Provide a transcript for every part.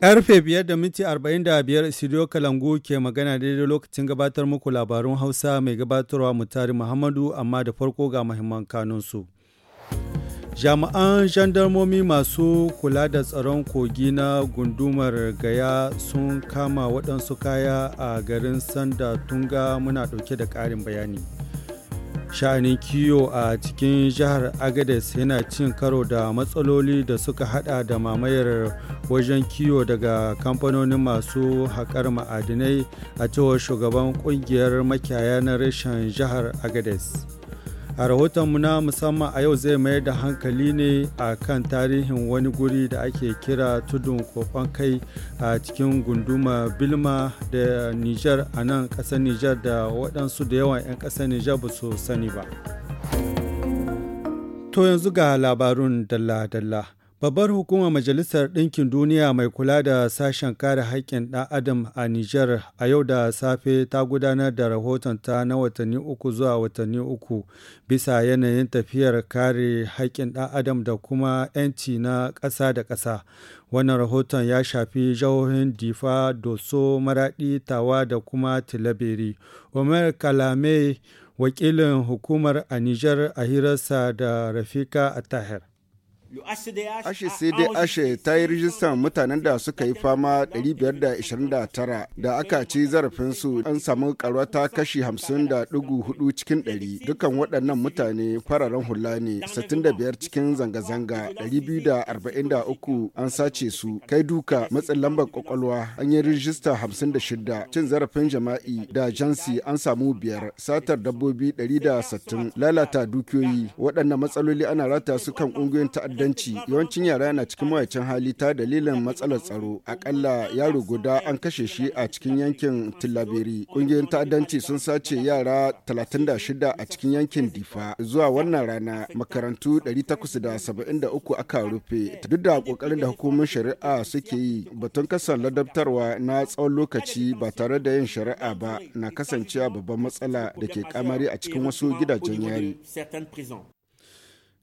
Karfe biyar da minti arba'in da biyar Studio Kalangu ke magana daidai lokacin gabatar muku labarun Hausa mai gabatarwa Mutari Muhammadu amma da farko ga mahimman kanunsu. Jami'an jandarmomi masu kula da tsaron kogi na gundumar gaya sun kama waɗansu kaya a garin Sanda Tunga muna ɗauke da ƙarin bayani. sha'anin kiwo a cikin jihar agades yana cin karo da matsaloli da suka hada da mamayar wajen kiwo daga kamfanonin masu haƙar ma'adinai a cewar shugaban kungiyar makiyaya na reshen jihar agades A rahotonmu na musamman a yau zai mayar da hankali ne a kan tarihin wani guri da ake kira tudun kofan kai a cikin gunduma Bilma da Nijar a nan ƙasar Nijar da waɗansu da yawan 'yan ƙasar Nijar ba su sani ba. To yanzu ga labarun dalla-dalla. Babbar hukumar Majalisar Ɗinkin Duniya mai kula da sashen kare haƙƙin ɗan Adam a Nijar a yau da safe ta gudanar da rahoton ta na watanni uku zuwa watanni uku bisa yanayin tafiyar kare haƙƙin ɗan Adam da kuma 'yanci na ƙasa da ƙasa. Wannan rahoton ya shafi jihohin Difa, Doso, Maraɗi, Tawa da kuma Tilaberi. Omer Kalame wakilin hukumar a Nijar a hirarsa da Rafika Atahir. sai dai Ashe ta yi rijistar mutanen da suka yi fama 529 da aka ci zarafinsu an samu karuwa ta kashi 50.4 cikin 100 Dukkan waɗannan mutane fararen hula ne 65 cikin zanga-zanga 243 an sace su kai duka matsin lambar kwakwalwa an yi rijista 56 cin zarafin jama'i da jansi an samu biyar satar dabbobi 160 lalata dukiyoyi waɗannan matsaloli ana rata su kan ƙungiyoyin ta'adda ta'addanci yawancin yara na cikin mawacin hali ta dalilin matsalar tsaro akalla yaro guda an kashe shi a cikin yankin tillaberi ƙungiyoyin ta'addanci sun sace yara 36 a cikin yankin difa zuwa wannan rana makarantu 873 aka rufe duk da ƙoƙarin da hukumar shari'a suke yi batun kasan ladabtarwa na tsawon lokaci ba tare da yin shari'a ba na kasancewa babban matsala da ke kamari a cikin wasu gidajen yari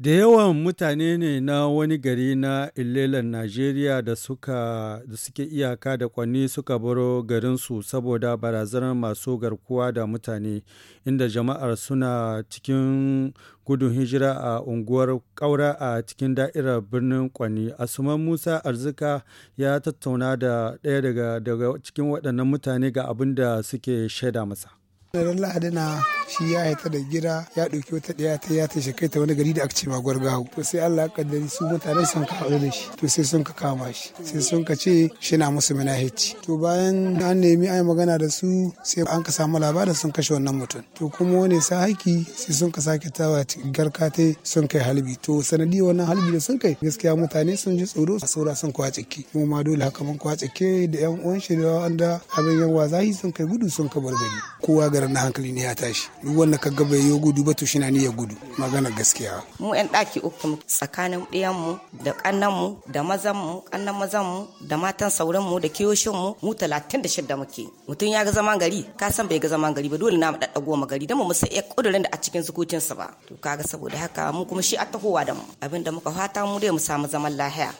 Da yawan mutane ne na wani gari na Ilelan Najeriya da suka da suke iyaka da kwanni suka baro garinsu saboda barazanar masu garkuwa da mutane, inda jama'ar suna cikin gudun hijira a unguwar ƙaura a cikin da'irar birnin ƙwanni, Asuman Musa Arzika ya tattauna da ɗaya daga, daga cikin waɗannan mutane ga abin da suke shaida masa. Ran Lahadi na shi ya haita da gida ya ɗauki wata ɗaya ta ya ta shekai ta wani gari da aka ce ma To sai Allah ya kaddari su mutanen sun ka haɗu da shi. To sai sun ka kama shi. Sai sun ka ce shi na musu manahici. To bayan an nemi ai magana da su sai an ka samu labarin sun kashe wannan mutum. To kuma wani sa haki sai sun ka sake tawa garka ta sun kai halbi. To sanadi wannan halbi da sun kai gaskiya mutane sun ji tsoro saura sun kwa ki. Mu ma dole haka mun kwa ke da 'yan uwan shi da wanda abin yan wazahi sun kai gudu sun ka bar gari. Kowa garin na hankali ne ya tashi duk wanda ka bai ya gudu ba to shi na ya gudu magana gaskiya mu yan daki uku tsakanin ɗiyan mu da kannan mu da mazan mu kannan mazan mu da matan sauran mu da kiyoshin mu mu 36 muke mutum ya ga zaman gari ka san bai ga zaman gari ba dole na mu daddago ma gari dan mu sai iya kudurin da a cikin zukucin sa ba to kaga saboda haka mu kuma shi a tahowa da mu abinda muka fata mu dai mu samu zaman lahiya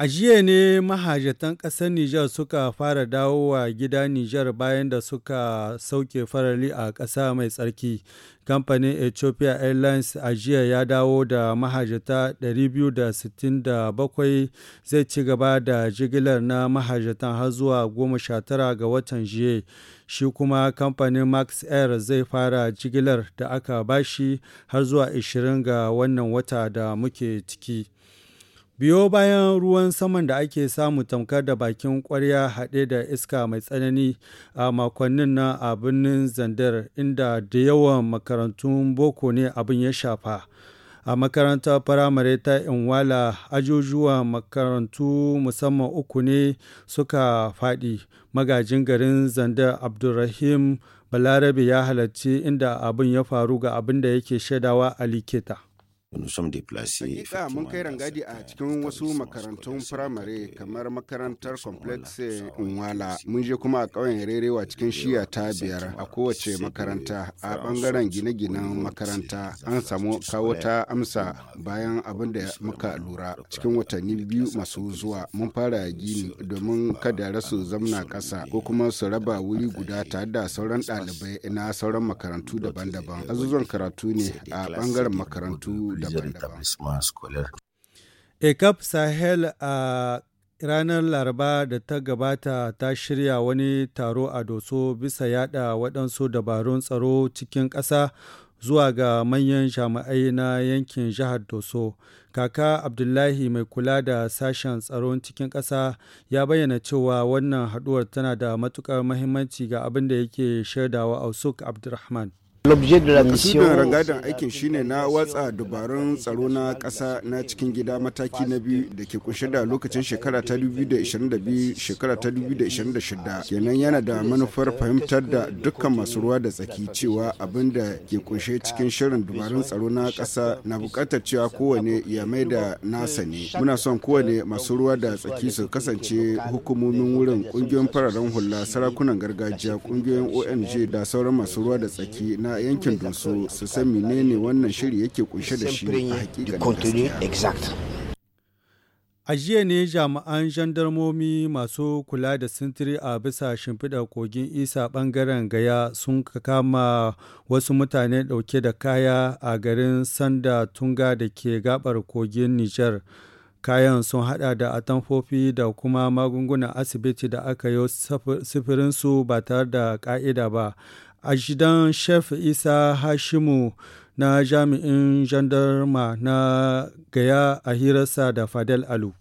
A jiya ne mahajatan ƙasar Nijar suka fara dawo wa gida Nijar bayan da suka sauke farali a ƙasa mai tsarki. Kamfanin Ethiopia Airlines a jiya ya dawo da mahajata 267 zai ci gaba da jigilar na mahajatan har zuwa 19 ga watan jiya. Shi kuma kamfanin Max Air zai fara jigilar da aka bashi har zuwa 20 ga wannan wata da muke ciki. Biyo bayan ruwan saman da ake samu tamkar da bakin kwarya haɗe da iska mai tsanani a makonnin na a birnin Zandar inda da yawan makarantun boko ne abin ya shafa. a makarantar firamare ta inwala ajujuwan makarantu musamman uku ne suka faɗi magajin garin zandar abdulrahim balarabe ya halarci inda abin ya faru ga abin da yake shaidawa a likita Hakika mun kai rangadi a cikin wasu makarantun firamare kamar makarantar complex Nwala. Mun je kuma a ƙauyen rerewa cikin shiya ta biyar a kowace makaranta a bangaren gine-ginen makaranta an samu kawo ta amsa bayan abin da muka lura cikin watanni biyu masu zuwa mun fara gini domin kada rasu zamna ƙasa ko kuma su raba wuri guda tare da sauran ɗalibai na sauran makarantu daban-daban. Azuzuwan karatu ne a bangaren makarantu plusieurs eh, établissements Sahel a ranar laraba da ta gabata ta shirya wani taro a doso bisa yada waɗansu dabarun tsaro cikin ƙasa zuwa ga manyan jami'ai na yankin jihar doso kaka abdullahi mai kula da sashen tsaron cikin ƙasa ya bayyana cewa wannan haɗuwar tana da matuƙar mahimmanci ga abin da yake shaidawa suk abdulrahman da rangadin aikin shine na watsa dabarun tsaro na ƙasa na cikin gida mataki na biyu da ke kunshe da lokacin shekara ta 2022 shekara ta 2026 kenan yana da manufar fahimtar da dukkan masu ruwa da tsaki cewa abinda ke kunshe cikin shirin dabarun tsaro na ƙasa na buƙatar cewa kowane ya mai da nasa euh, ne. Muna son kowane masu ruwa da tsaki su kasance hukumomin wurin ƙungiyoyin fararen hula sarakunan gargajiya ƙungiyoyin ONG da sauran masu ruwa da tsaki na a yankin dusu su san menene wannan shiri yake kunshe da shi a jiya ne jami'an jandarmomi masu kula da sintiri a bisa shimfiɗar kogin isa bangaren gaya sun kama wasu mutane ɗauke da kaya a garin sanda tunga da ke gabar kogin Nijar. Kayan sun hada da atamfofi da kuma magungunan asibiti da aka yi sifirinsu ba tare da ƙa'ida ba. a jidan chef isa hashimu na jami'in jandarma na gaya a hirarsa da fadel alu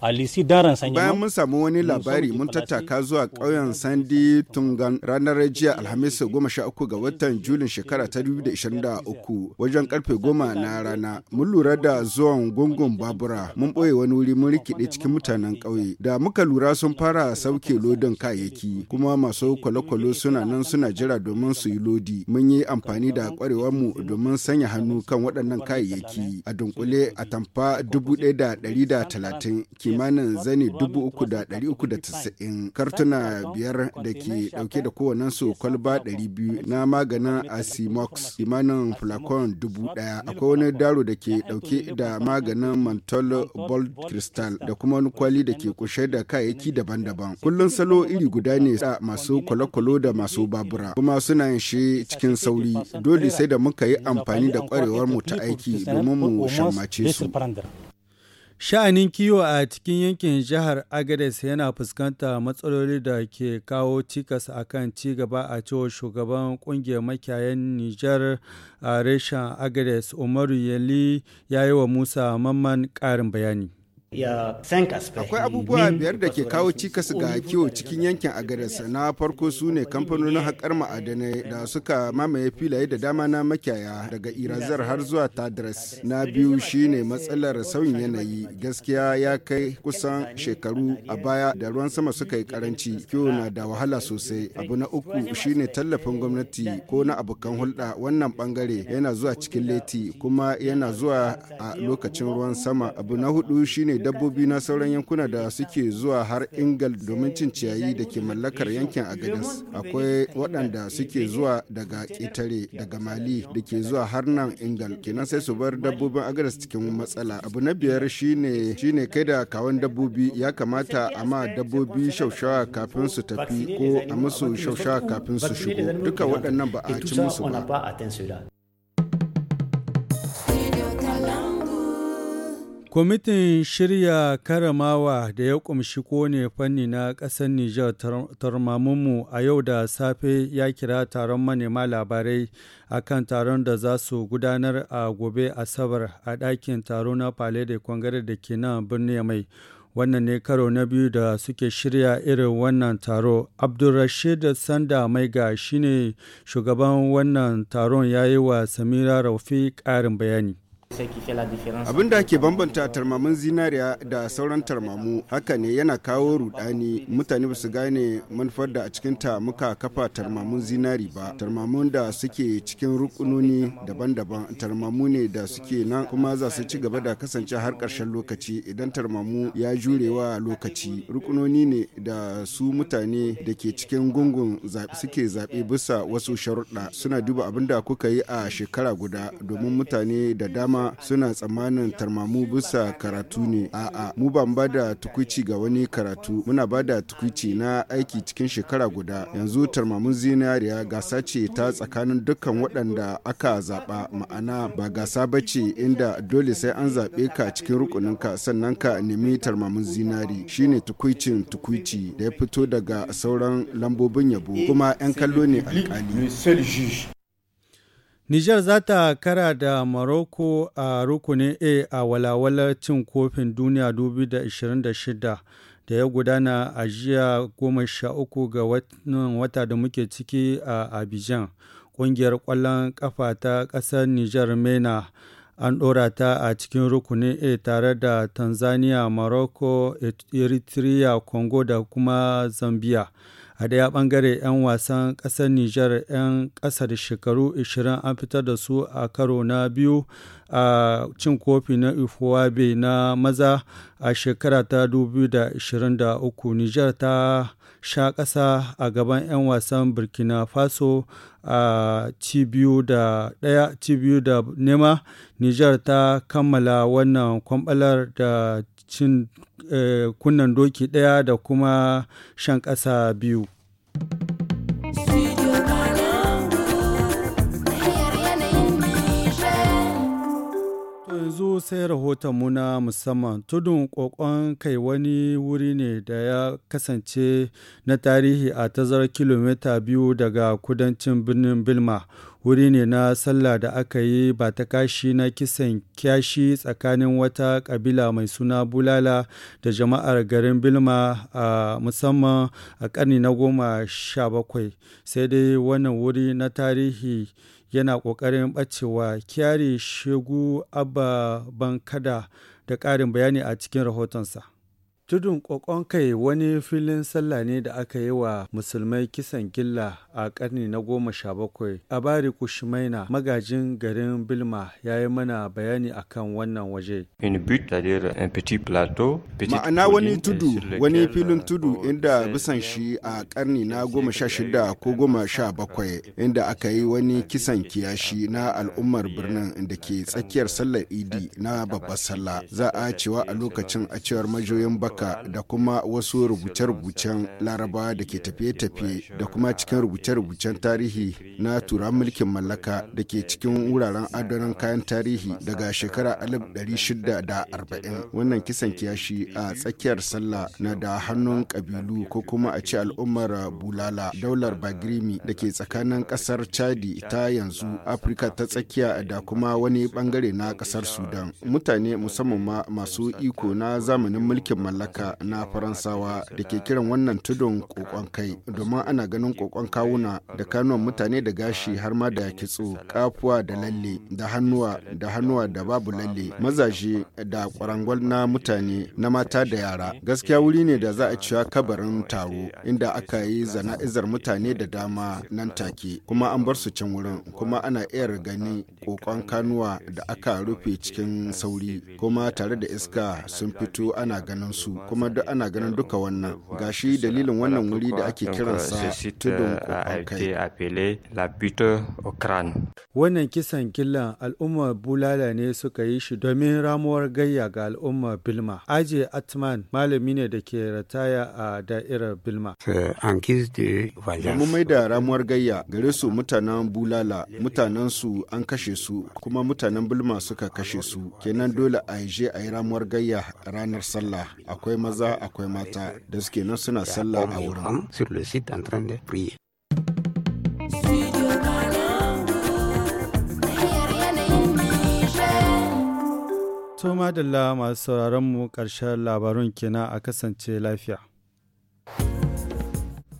alisi daren sanyi bayan mun samu wani labari mun tattaka zuwa ƙauyen sandi tungan ranar jiya alhamis goma sha uku ga watan julin shekara ta dubu da ishirin da uku wajen karfe goma na rana mun lura da zuwan gungun babura mun ɓoye wani wuri mun rikide cikin mutanen ƙauye da muka lura sun fara sauke lodin kayayyaki kuma masu kwale suna nan suna jira domin su yi lodi mun yi amfani da mu domin sanya hannu kan waɗannan kayayyaki a dunkule a tamfa dubu ɗaya da ɗari da talatin kimanin zani 3,390 kartuna biyar da ke dauke da kowannensu kwalba biyu na maganin asimox kimanin flacon 1,000 akwai wani daro da ke dauke da maganin mantol bold crystal da kuma wani kwali da ke kushe da kayayyaki daban-daban kullum salo iri guda ne a masu kwalokwalo da masu babura kuma suna yin shi cikin sauri dole sai da muka yi amfani da kwarewar mu ta aiki domin mu shammace su Sha'anin kiwo a cikin yankin jihar Agades yana fuskanta matsaloli da ke kawo cikas a kan gaba a cewar shugaban kungiyar makiyayen Nijar a reshen Agades Umaru Yali ya yi wa Musa Mamman ƙarin bayani. Akwai abubuwa biyar da ke kawo cikas ga kiwo cikin yankin Agares na farko su ne kamfanonin haƙar ma'adanai da suka mamaye filaye da dama na makiyaya daga Irazar har zuwa Tadras. Na biyu shine matsalar sauyin yanayi gaskiya ya kai kusan shekaru a baya da ruwan sama suka yi karanci kiwo na da wahala sosai. Abu na uku shine tallafin gwamnati ko na abokan hulɗa wannan bangare yana zuwa cikin leti kuma yana zuwa a lokacin ruwan sama. Abu na hudu shine dabbobi na sauran yankuna da suke zuwa har Ingal domin cin ciyayi da ke mallakar yankin Agadas. Akwai waɗanda suke zuwa daga ƙetare daga Mali da ke zuwa har nan Ingal. Kenan sai su bar dabbobin Agadas cikin matsala. Abu na biyar shine shine kai da kawan dabbobi ya kamata a ma dabbobi shaushawa kafin su tafi ko a musu shaushawa kafin su shigo. Duka waɗannan ba a ci musu ba. Kwamitin Shirya Karamawa da ya ƙumshi kone fanni na ƙasar Nijar tarmamunmu a yau da safe ya kira taron manema labarai a kan taron da za su gudanar a gobe Asabar a ɗakin taro na Palais de Kwangare da ke nan birni mai. Wannan ne karo na biyu da suke shirya irin wannan taro. Abdulrashid Sanda Maiga shine shugaban wannan taron ya yi wa Samira Raufi ƙarin bayani. Abin da ke bambanta tarmamin zinariya da sauran tarmamu haka ne yana kawo rudani mutane ba su gane manufar da a ta muka kafa tarmamun zinari ba. Tarmamun da suke cikin rukunoni daban-daban tarmamu ne da suke nan kuma za su ci gaba da kasance har karshen lokaci idan tarmamu ya jurewa lokaci. Rukunoni ne da su mutane da ke cikin gungun suke zaɓe bisa wasu sharuɗa suna duba abin da kuka yi a shekara guda domin mutane da dama kuma suna tsammanin tarmamu bisa karatu ne a'a mu ban bada da tukuici ga wani karatu muna bada da tukuici na aiki cikin shekara guda yanzu tarmamun zinariya gasa ce ta tsakanin dukkan waɗanda aka zaɓa ma'ana ba gasa ba ce inda dole sai an zaɓe ka cikin rukunin ka sannan ka nemi tarmamun zinari shine tukuicin tukuici da ya fito daga sauran lambobin yabo kuma 'yan kallo ne alƙali Nijar za ta kara da Morocco a rukunin A a walawalar cin kofin duniya 2026 da ya gudana a jiya 13 ga wata da muke ciki a Abidjan. Ƙungiyar ƙwallon ƙafa ta ƙasar Nijar MENA an ɗora ta a cikin rukunin A tare da Tanzania, Morocco, Eritrea, Congo da kuma Zambia. a daya bangare 'yan wasan ƙasar nijar 'yan ƙasar shekaru 20 an fitar da su a karo na biyu a cin kofi na ifuwabe na maza a shekara ta 2023 Nijar ta sha ƙasa a gaban 'yan wasan burkina faso a cibiyu da ɗaya cibiyu da nema Nijar ta kammala wannan kwambalar da cin eh, kunnan doki ɗaya da kuma shan ƙasa biyu. yanzu sai rahoton mu na musamman tudun kokon kai wani wuri ne da ya kasance na tarihi a tazarar kilomita biyu daga kudancin birnin bilma wuri ne na sallah da aka yi ba ta kashi na kisan kyashi tsakanin wata kabila mai suna bulala da jama'ar garin bilma a musamman a karni na goma sha bakwai sai dai wannan wuri na tarihi yana ƙoƙarin ɓacewa kyari shegu abba bankada da ƙarin bayani a cikin rahotonsa. Tudun ƙoƙon kai wani filin sallah ne da aka yi wa musulmai kisan gilla a ƙarni na goma sha bakwai. A bari Kushimaina magajin garin Bilma ya yi mana bayani akan wannan waje. Ma'ana wani tudu wani filin euh, tudu inda bisan shi a ƙarni na goma sha shida ko goma sha bakwai inda aka yi wani kisan kiyashi na al'ummar birnin da ke tsakiyar sallar idi na babbar sallah za a cewa a lokacin a cewar majoyin baka amurka da kuma wasu rubuce-rubucen laraba da ke tafiye-tafiye da kuma cikin rubuce-rubucen tarihi na turan mulkin mallaka da ke cikin wuraren adonan kayan tarihi daga shekara 1640 wannan kisan kiyashi a tsakiyar sallah na da hannun kabilu ko kuma a ce al'ummar bulala daular bagrimi da ke tsakanin kasar chadi ta yanzu afirka ta tsakiya da kuma wani bangare na kasar sudan mutane musamman ma masu iko na zamanin mulkin mallaka iyaka na faransawa da ke kiran wannan tudun kokon kai domin ana ganin kokon kawuna da kanuwan mutane da gashi har ma da kitso kafuwa da lalle da hannuwa da hannuwa da babu lalle mazaje da kwarangwal na mutane na mata da yara gaskiya wuri ne da za a cewa kabarin taro inda aka yi zana'izar mutane da dama nan take kuma an bar su can wurin kuma ana iya gani kokon kanuwa da aka rufe cikin sauri kuma tare da iska sun fito ana ganin su kuma duk ana ganin duka wannan gashi dalilin wannan wuri da ake kiransa euh, tudun euh, kai wannan kisan killa al'ummar bulala ne suka yi shi domin ramuwar gayya ga al'ummar bilma aje atman malami ne da ke rataya a da'irar bilma mu mai da ramuwar gayya gare su mutanen bulala mutanen su an kashe su kuma mutanen bilma suka kashe su kenan dole a je a yi ramuwar gayya ranar sallah akwai maza akwai mata da suke nan suna sallah a wurin. To madalla masu sauraron mu ƙarshen labarun kenan a kasance lafiya.